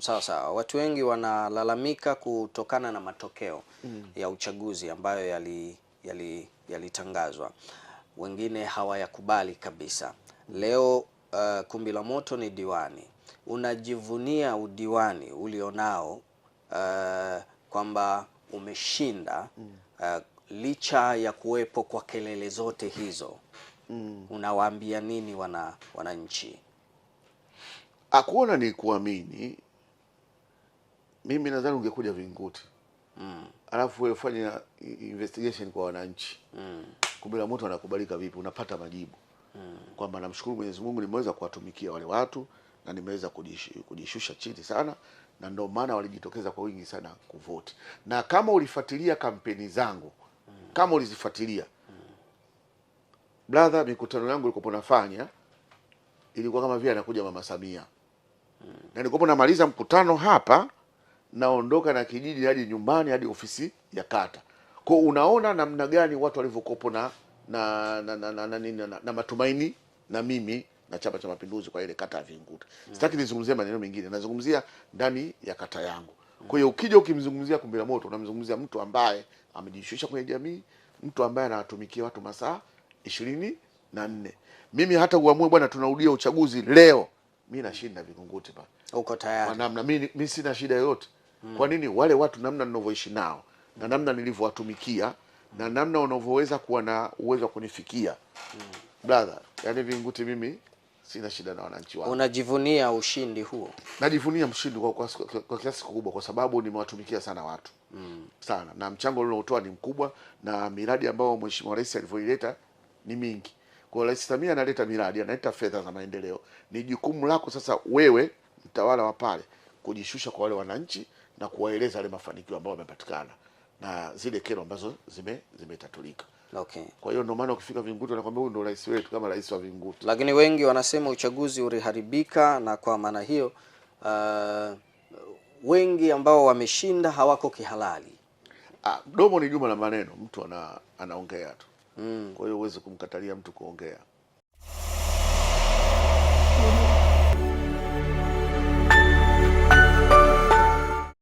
Sawa sawa. Watu wengi wanalalamika kutokana na matokeo mm. ya uchaguzi ambayo yalitangazwa, yali, yalitangazwa, wengine hawayakubali kabisa. Leo uh, kumbi la moto ni diwani. Unajivunia udiwani ulionao uh, kwamba umeshinda mm. uh, licha ya kuwepo kwa kelele zote hizo mm. unawaambia nini wana wananchi? Akuona ni kuamini mimi nadhani ungekuja Vinguti mm. alafu wewe fanya investigation kwa wananchi mm. Kumbe la moto anakubalika vipi, unapata majibu mm. kwamba namshukuru Mwenyezi Mungu nimeweza kuwatumikia wale watu na nimeweza kujishusha chini sana, na ndio maana walijitokeza kwa wingi sana kuvoti. Na kama ulifuatilia kampeni zangu mm. kama ulizifuatilia mm. brother, mikutano yangu ilikuwa nafanya ilikuwa kama vile anakuja mama Samia mm. na nilikuwa namaliza mkutano hapa naondoka na kijiji hadi nyumbani hadi ofisi ya kata. Kwa unaona namna gani watu walivyokopo na na na, na, na, na, na, na na matumaini na mimi na Chama cha Mapinduzi kwa ile kata ya Vinguta. Mm. Sitaki nizungumzie maneno mengine, nazungumzia ndani ya kata yangu. Kwa hiyo ukija ukimzungumzia la Moto unamzungumzia mtu ambaye amejishusha kwenye jamii, mtu ambaye anawatumikia watu masaa ishirini na nne. Mimi hata uamue bwana, tunarudia uchaguzi leo, mi nashinda Vingunguti pale. Uko tayari? Kwa namna mimi sina shida yoyote mm. Kwa nini wale watu namna ninavyoishi nao na namna nilivyowatumikia na namna wanavyoweza kuwa na uwezo wa kunifikia mm. Brother, yani Vinguti, mimi sina shida na wananchi wangu. Unajivunia ushindi huo? Najivunia mshindi kwa, kwa, kwa kiasi kikubwa kwa sababu nimewatumikia sana watu mm. sana, na mchango uliotoa ni mkubwa, na miradi ambayo Mheshimiwa Rais alivyoileta ni mingi. Kwa Rais Samia analeta miradi, analeta fedha za maendeleo. Ni jukumu lako sasa wewe mtawala wa pale kujishusha kwa wale wananchi na kuwaeleza yale mafanikio ambayo yamepatikana na zile kero ambazo zime zimetatulika. Okay. Kwa hiyo ndio maana ukifika Vinguti anakuambia huyu ndio rais wetu kama rais wa Vinguti. Lakini wengi wanasema uchaguzi uliharibika na kwa maana hiyo uh, wengi ambao wameshinda hawako kihalali. Ah, domo ni juma la maneno, mtu ana, anaongea tu. Mm. Kwa hiyo huwezi kumkatalia mtu kuongea.